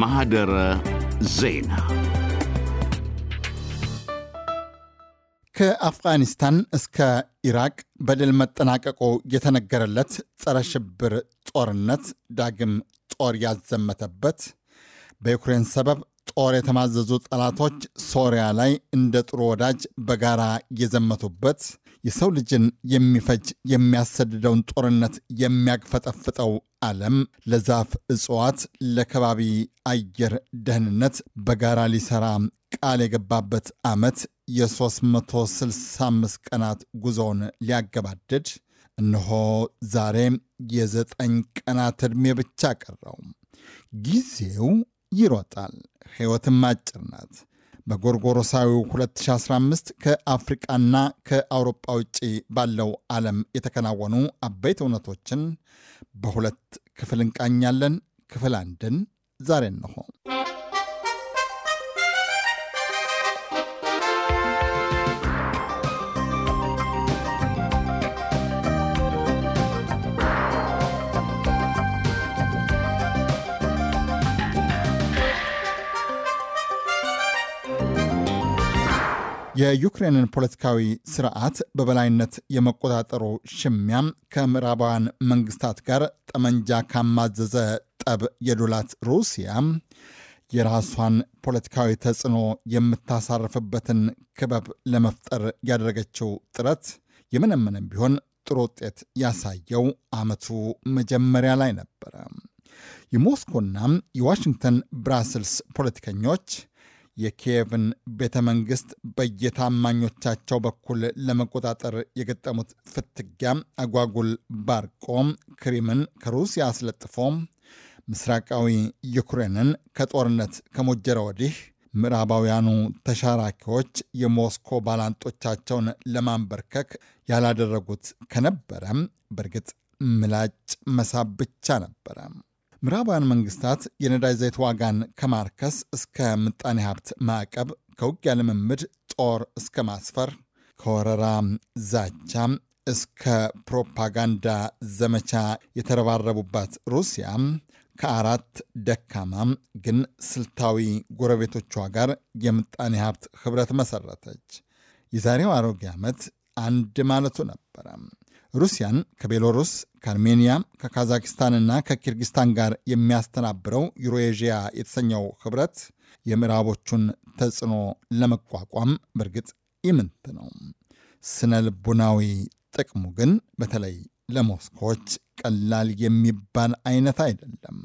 ማህደረ ዜና ከአፍጋኒስታን እስከ ኢራቅ በድል መጠናቀቁ የተነገረለት ጸረ ሽብር ጦርነት ዳግም ጦር ያዘመተበት በዩክሬን ሰበብ ጦር የተማዘዙ ጠላቶች ሶሪያ ላይ እንደ ጥሩ ወዳጅ በጋራ የዘመቱበት የሰው ልጅን የሚፈጅ የሚያሰድደውን ጦርነት የሚያግፈጠፍጠው ዓለም ለዛፍ እጽዋት፣ ለከባቢ አየር ደህንነት በጋራ ሊሰራ ቃል የገባበት ዓመት የ365 ቀናት ጉዞውን ሊያገባድድ እነሆ ዛሬ የዘጠኝ ቀናት ዕድሜ ብቻ ቀረው። ጊዜው ይሮጣል። ሕይወትም አጭር ናት። በጎርጎሮሳዊው 2015 ከአፍሪቃና ከአውሮጳ ውጪ ባለው ዓለም የተከናወኑ አበይት እውነቶችን በሁለት ክፍል እንቃኛለን። ክፍል አንድን ዛሬ እንሆ የዩክሬንን ፖለቲካዊ ስርዓት በበላይነት የመቆጣጠሩ ሽሚያ ከምዕራባውያን መንግስታት ጋር ጠመንጃ ካማዘዘ ጠብ የዶላት ሩሲያ የራሷን ፖለቲካዊ ተጽዕኖ የምታሳርፍበትን ክበብ ለመፍጠር ያደረገችው ጥረት የምንምንም ቢሆን ጥሩ ውጤት ያሳየው ዓመቱ መጀመሪያ ላይ ነበረ። የሞስኮና የዋሽንግተን ብራስልስ ፖለቲከኞች የኪየቭን ቤተ መንግስት በየታማኞቻቸው በኩል ለመቆጣጠር የገጠሙት ፍትጊያ አጓጉል ባርቆ ክሪምን ከሩሲያ አስለጥፎ ምስራቃዊ ዩክሬንን ከጦርነት ከሞጀረ ወዲህ ምዕራባውያኑ ተሻራኪዎች የሞስኮ ባላንጦቻቸውን ለማንበርከክ ያላደረጉት ከነበረ በእርግጥ ምላጭ መሳብ ብቻ ነበረ። ምዕራባውያን መንግስታት የነዳጅ ዘይት ዋጋን ከማርከስ እስከ ምጣኔ ሀብት ማዕቀብ፣ ከውጊያ ልምምድ ጦር እስከ ማስፈር፣ ከወረራ ዛቻ እስከ ፕሮፓጋንዳ ዘመቻ የተረባረቡባት ሩሲያ ከአራት ደካማ ግን ስልታዊ ጎረቤቶቿ ጋር የምጣኔ ሀብት ህብረት መሰረተች። የዛሬው አሮጌ ዓመት አንድ ማለቱ ነበረ። ሩሲያን ከቤሎሩስ ከአርሜኒያ ከካዛክስታንና ከኪርጊስታን ጋር የሚያስተናብረው ዩሮኤዥያ የተሰኘው ህብረት የምዕራቦቹን ተጽዕኖ ለመቋቋም በእርግጥ ይምንት ነው። ስነ ልቡናዊ ጥቅሙ ግን በተለይ ለሞስኮዎች ቀላል የሚባል አይነት አይደለም።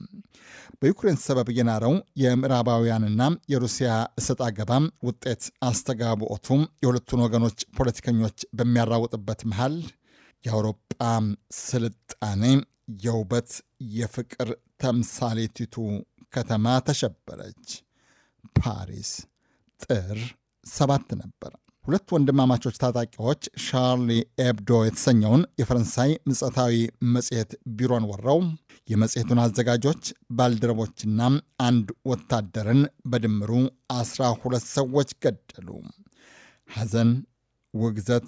በዩክሬን ሰበብ የናረው የምዕራባውያንና የሩሲያ እሰጥ አገባ ውጤት አስተጋብኦቱ የሁለቱን ወገኖች ፖለቲከኞች በሚያራውጥበት መሃል የአውሮጳ ስልጣኔ የውበት የፍቅር ተምሳሌቲቱ ከተማ ተሸበረች። ፓሪስ ጥር ሰባት ነበር። ሁለት ወንድማማቾች ታጣቂዎች ሻርሊ ኤብዶ የተሰኘውን የፈረንሳይ ምጸታዊ መጽሔት ቢሮን ወረው የመጽሔቱን አዘጋጆች ባልደረቦችና አንድ ወታደርን በድምሩ አስራ ሁለት ሰዎች ገደሉ። ሐዘን፣ ውግዘት፣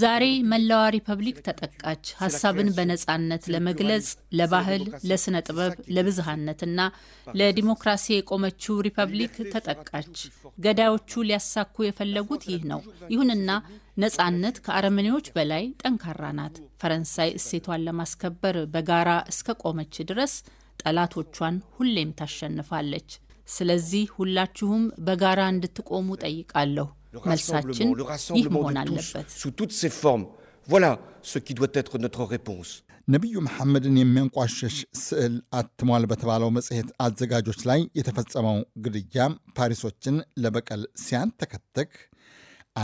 ዛሬ መላዋ ሪፐብሊክ ተጠቃች። ሀሳብን በነጻነት ለመግለጽ፣ ለባህል፣ ለስነ ጥበብ፣ ለብዝሃነትና ለዲሞክራሲ የቆመችው ሪፐብሊክ ተጠቃች። ገዳዮቹ ሊያሳኩ የፈለጉት ይህ ነው። ይሁንና ነጻነት ከአረመኔዎች በላይ ጠንካራ ናት። ፈረንሳይ እሴቷን ለማስከበር በጋራ እስከ ቆመች ድረስ ጠላቶቿን ሁሌም ታሸንፋለች። ስለዚህ ሁላችሁም በጋራ እንድትቆሙ ጠይቃለሁ። መልሳችን ይህ መሆን አለበት። ቮላ ሶ ኪ ዶት ኤትር ኖትር ሬፖንስ ነቢዩ መሐመድን የሚያንቋሸሽ ስዕል አትሟል በተባለው መጽሔት አዘጋጆች ላይ የተፈጸመው ግድያ ፓሪሶችን ለበቀል ሲያንተከተክ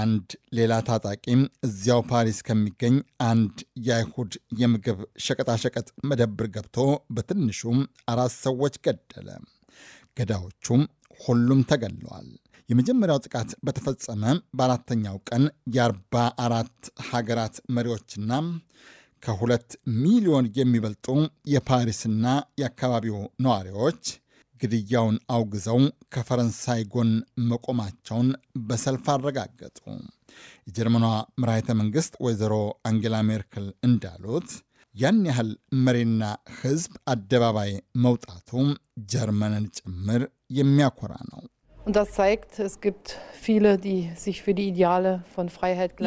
አንድ ሌላ ታጣቂም እዚያው ፓሪስ ከሚገኝ አንድ የአይሁድ የምግብ ሸቀጣሸቀጥ መደብር ገብቶ በትንሹም አራት ሰዎች ገደለ። ገዳዮቹም ሁሉም ተገለዋል። የመጀመሪያው ጥቃት በተፈጸመ በአራተኛው ቀን የአርባ አራት ሀገራት መሪዎችና ከሁለት ሚሊዮን የሚበልጡ የፓሪስና የአካባቢው ነዋሪዎች ግድያውን አውግዘው ከፈረንሳይ ጎን መቆማቸውን በሰልፍ አረጋገጡ። የጀርመኗ መራሒተ መንግሥት ወይዘሮ አንጌላ ሜርክል እንዳሉት ያን ያህል መሪና ሕዝብ አደባባይ መውጣቱ ጀርመንን ጭምር የሚያኮራ ነው።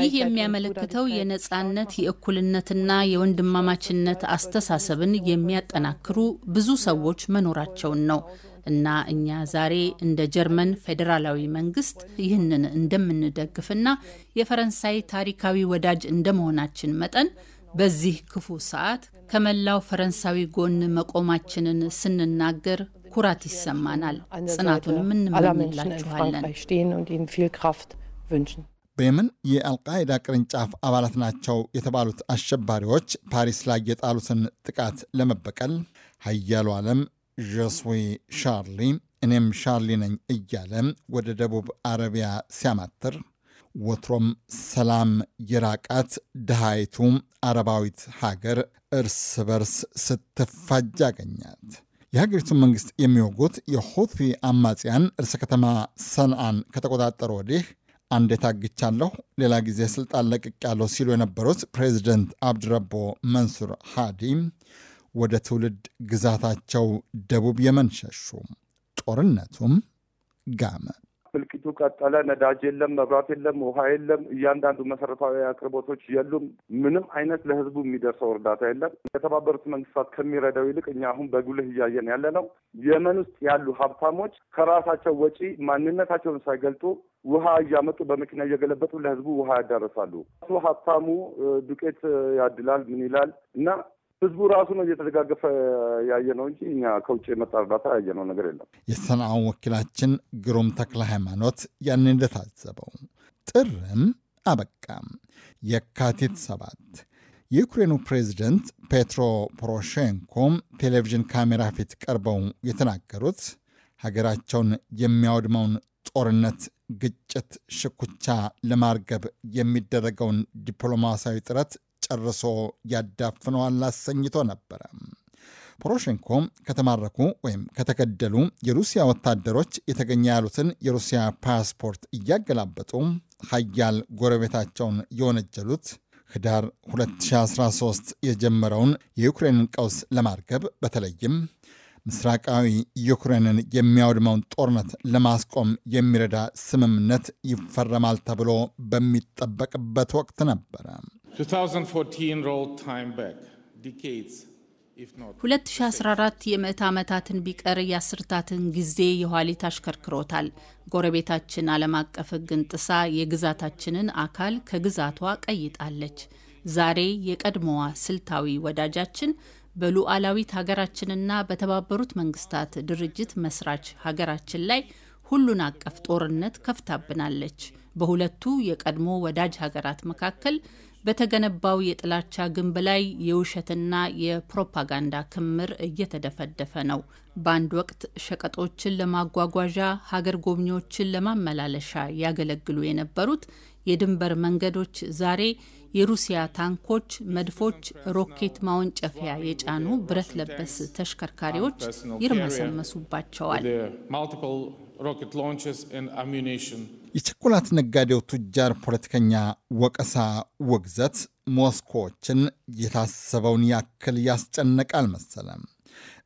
ይህ የሚያመለክተው የነጻነት የእኩልነትና የወንድማማችነት አስተሳሰብን የሚያጠናክሩ ብዙ ሰዎች መኖራቸውን ነው እና እኛ ዛሬ እንደ ጀርመን ፌዴራላዊ መንግስት ይህንን እንደምንደግፍና የፈረንሳይ ታሪካዊ ወዳጅ እንደመሆናችን መጠን በዚህ ክፉ ሰዓት ከመላው ፈረንሳዊ ጎን መቆማችንን ስንናገር ኩራት ይሰማናል። ጽናቱንም እንመኝላችኋለን። በየመን የአልቃይዳ ቅርንጫፍ አባላት ናቸው የተባሉት አሸባሪዎች ፓሪስ ላይ የጣሉትን ጥቃት ለመበቀል ሀያሉ ዓለም ዠስዌ ሻርሊ እኔም ሻርሊ ነኝ እያለ ወደ ደቡብ አረቢያ ሲያማትር ወትሮም ሰላም የራቃት ድሃይቱ አረባዊት ሀገር እርስ በርስ ስትፋጅ አገኛት። የሀገሪቱን መንግስት የሚወጉት የሁቲ አማጽያን እርሰ ከተማ ሰንአን ከተቆጣጠሩ ወዲህ አንዴ ታግቻለሁ፣ ሌላ ጊዜ ስልጣን ለቅቅ ያለው ሲሉ የነበሩት ፕሬዚደንት አብድረቦ መንሱር ሃዲ ወደ ትውልድ ግዛታቸው ደቡብ የመን ሸሹ። ጦርነቱም ጋመ። እልቂቱ ቀጠለ። ነዳጅ የለም፣ መብራት የለም፣ ውሃ የለም። እያንዳንዱ መሰረታዊ አቅርቦቶች የሉም። ምንም አይነት ለህዝቡ የሚደርሰው እርዳታ የለም። የተባበሩት መንግስታት ከሚረዳው ይልቅ እኛ አሁን በጉልህ እያየን ያለ ነው። የመን ውስጥ ያሉ ሀብታሞች ከራሳቸው ወጪ ማንነታቸውን ሳይገልጡ ውሃ እያመጡ በመኪና እየገለበጡ ለህዝቡ ውሃ ያዳረሳሉ። ሀብታሙ ዱቄት ያድላል ምን ይላል እና ህዝቡ ራሱ ነው እየተደጋገፈ ያየ ነው እንጂ እኛ ከውጭ የመጣ እርዳታ ያየ ነው ነገር የለም። የሰንዓው ወኪላችን ግሩም ተክለ ሃይማኖት ያን እንደታዘበው ጥርም አበቃም የካቲት ሰባት የዩክሬኑ ፕሬዚደንት ፔትሮ ፖሮሼንኮም ቴሌቪዥን ካሜራ ፊት ቀርበው የተናገሩት ሀገራቸውን የሚያወድመውን ጦርነት፣ ግጭት፣ ሽኩቻ ለማርገብ የሚደረገውን ዲፕሎማሲያዊ ጥረት ጨርሶ ያዳፍነዋል አሰኝቶ ነበረ። ፖሮሼንኮ ከተማረኩ ወይም ከተገደሉ የሩሲያ ወታደሮች የተገኘ ያሉትን የሩሲያ ፓስፖርት እያገላበጡ ሀያል ጎረቤታቸውን የወነጀሉት ህዳር 2013 የጀመረውን የዩክሬን ቀውስ ለማርገብ በተለይም ምስራቃዊ ዩክሬንን የሚያወድመውን ጦርነት ለማስቆም የሚረዳ ስምምነት ይፈረማል ተብሎ በሚጠበቅበት ወቅት ነበረ። 2014 የምዕት ዓመታትን ቢቀር የአስርታትን ጊዜ የኋሊት አሽከርክሮታል። ጎረቤታችን ዓለም አቀፍ ሕግን ጥሳ የግዛታችንን አካል ከግዛቷ ቀይጣለች። ዛሬ የቀድሞዋ ስልታዊ ወዳጃችን በሉዓላዊት ሀገራችንና በተባበሩት መንግስታት ድርጅት መስራች ሀገራችን ላይ ሁሉን አቀፍ ጦርነት ከፍታብናለች። በሁለቱ የቀድሞ ወዳጅ ሀገራት መካከል በተገነባው የጥላቻ ግንብ ላይ የውሸትና የፕሮፓጋንዳ ክምር እየተደፈደፈ ነው። በአንድ ወቅት ሸቀጦችን ለማጓጓዣ ሀገር ጎብኚዎችን ለማመላለሻ ያገለግሉ የነበሩት የድንበር መንገዶች ዛሬ የሩሲያ ታንኮች፣ መድፎች፣ ሮኬት ማወንጨፊያ የጫኑ ብረት ለበስ ተሽከርካሪዎች ይርመሰመሱባቸዋል። የቸኮላት ነጋዴው ቱጃር ፖለቲከኛ ወቀሳ፣ ውግዘት ሞስኮዎችን የታሰበውን ያክል ያስጨነቀ አልመሰለም።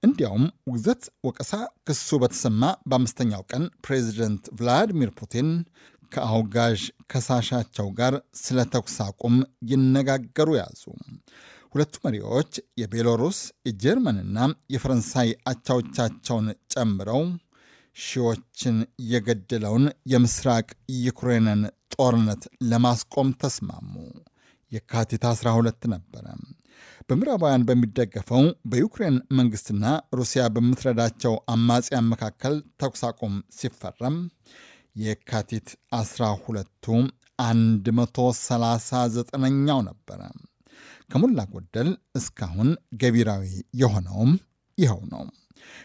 እንዲያውም ውግዘት፣ ወቀሳ ክሱ በተሰማ በአምስተኛው ቀን ፕሬዚደንት ቭላዲሚር ፑቲን ከአውጋዥ ከሳሻቸው ጋር ስለ ተኩስ አቁም ይነጋገሩ ያዙ። ሁለቱ መሪዎች የቤሎሩስ የጀርመንና የፈረንሳይ አቻዎቻቸውን ጨምረው ሺዎችን የገደለውን የምስራቅ ዩክሬንን ጦርነት ለማስቆም ተስማሙ። የካቲት 12 ነበረ። በምዕራባውያን በሚደገፈው በዩክሬን መንግስትና ሩሲያ በምትረዳቸው አማጽያን መካከል ተኩስ አቁም ሲፈረም የካቲት 12ቱ 139ኛው ነበረ። ከሞላ ጎደል እስካሁን ገቢራዊ የሆነውም ይኸው ነው።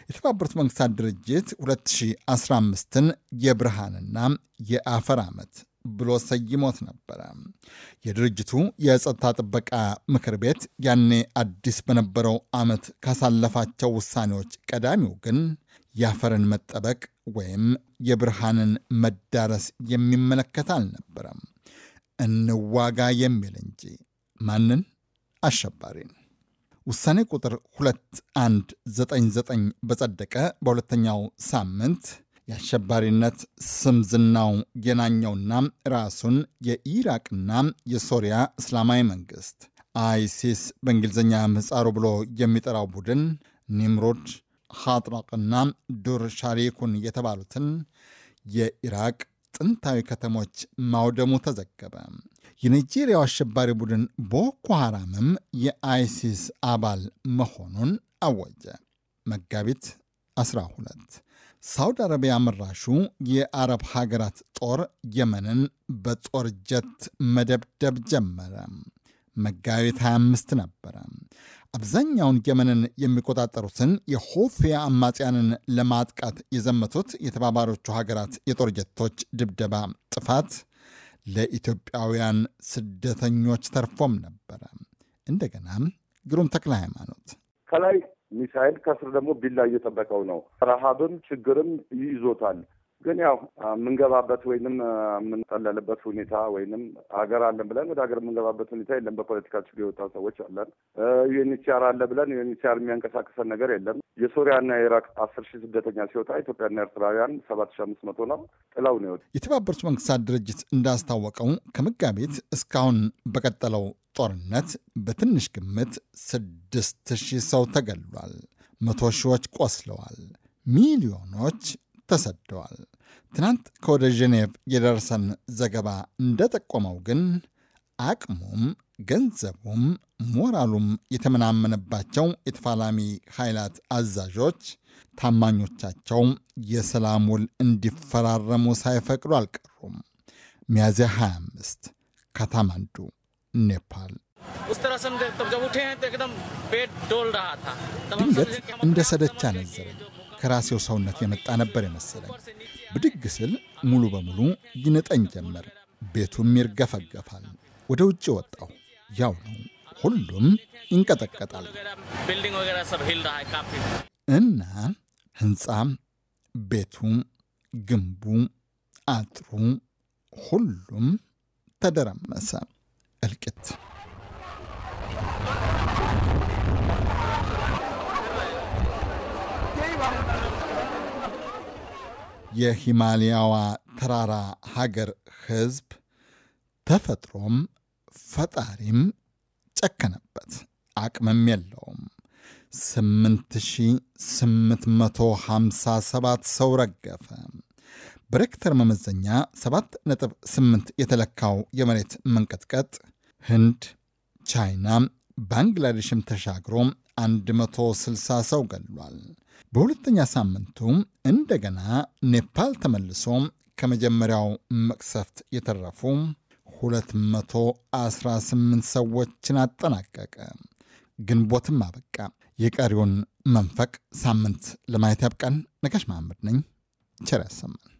የተባበሩት መንግስታት ድርጅት 2015ን የብርሃንና የአፈር ዓመት ብሎ ሰይሞት ነበረ። የድርጅቱ የጸጥታ ጥበቃ ምክር ቤት ያኔ አዲስ በነበረው ዓመት ካሳለፋቸው ውሳኔዎች ቀዳሚው ግን የአፈርን መጠበቅ ወይም የብርሃንን መዳረስ የሚመለከት አልነበረም። እንዋጋ የሚል እንጂ ማንን? አሸባሪን። ውሳኔ ቁጥር 2199 በጸደቀ በሁለተኛው ሳምንት የአሸባሪነት ስም ዝናው የናኘውና ራሱን የኢራቅና የሶሪያ እስላማዊ መንግስት አይሲስ በእንግሊዝኛ ምህፃሩ ብሎ የሚጠራው ቡድን ኒምሮድ፣ ሀጥራቅና ዱር ሻሪኩን የተባሉትን የኢራቅ ጥንታዊ ከተሞች ማውደሙ ተዘገበ። የናይጄሪያው አሸባሪ ቡድን ቦኮ ሐራምም የአይሲስ አባል መሆኑን አወጀ። መጋቢት 12 ሳውዲ አረቢያ መራሹ የአረብ ሀገራት ጦር የመንን በጦር ጀት መደብደብ ጀመረ። መጋቢት 25 ነበረ። አብዛኛውን የመንን የሚቆጣጠሩትን የሆፌ አማጽያንን ለማጥቃት የዘመቱት የተባባሪዎቹ ሀገራት የጦር ጀቶች ድብደባ ጥፋት ለኢትዮጵያውያን ስደተኞች ተርፎም ነበረ። እንደገና ግሩም ተክለ ሃይማኖት ከላይ ሚሳኤል ከስር ደግሞ ቢላ እየጠበቀው ነው። ረሃብም ችግርም ይይዞታል። ግን ያው የምንገባበት ወይንም የምንጠለልበት ሁኔታ ወይንም ሀገር አለን ብለን ወደ ሀገር የምንገባበት ሁኔታ የለም። በፖለቲካ ችግር የወጣን ሰዎች አለን። ዩኤንኤችሲአር አለ ብለን ዩኤንኤችሲአር የሚያንቀሳቀሰን ነገር የለም። የሶሪያና የኢራቅ አስር ሺህ ስደተኛ ሲወጣ ኢትዮጵያና ኤርትራውያን ሰባት ሺህ አምስት መቶ ነው ጥለው ነው የወጡት። የተባበሩት መንግስታት ድርጅት እንዳስታወቀው ከመጋቢት እስካሁን በቀጠለው ጦርነት በትንሽ ግምት ስድስት ሺህ ሰው ተገሏል። መቶ ሺዎች ቆስለዋል። ሚሊዮኖች ተሰደዋል። ትናንት ከወደ ጄኔቭ የደረሰን ዘገባ እንደጠቆመው ግን አቅሙም ገንዘቡም ሞራሉም የተመናመነባቸው የተፋላሚ ኃይላት አዛዦች ታማኞቻቸው የሰላም ውል እንዲፈራረሙ ሳይፈቅዱ አልቀሩም። ሚያዝያ 25 ካታማንዱ ኔፓል። ድንገት እንደ ሰደች ከራሴው ሰውነት የመጣ ነበር የመሰለኝ። ብድግ ስል ሙሉ በሙሉ ይነጠኝ ጀመር። ቤቱም ይርገፈገፋል። ወደ ውጭ ወጣሁ። ያው ነው፣ ሁሉም ይንቀጠቀጣል። እና ህንፃ ቤቱ፣ ግንቡ፣ አጥሩ፣ ሁሉም ተደረመሰ። እልቅት የሂማሊያዋ ተራራ ሀገር ሕዝብ ተፈጥሮም ፈጣሪም ጨከነበት፣ አቅምም የለውም። 8857 ሰው ረገፈ። በሬክተር መመዘኛ 7.8 የተለካው የመሬት መንቀጥቀጥ ህንድ፣ ቻይና፣ ባንግላዴሽም ተሻግሮ 160 ሰው ገድሏል። በሁለተኛ ሳምንቱ እንደገና ኔፓል ተመልሶ ከመጀመሪያው መቅሰፍት የተረፉ 218 ሰዎችን አጠናቀቀ። ግንቦትም አበቃ። የቀሪውን መንፈቅ ሳምንት ለማየት ያብቃን። ነጋሽ መሐመድ ነኝ። ቸር ያሰማን።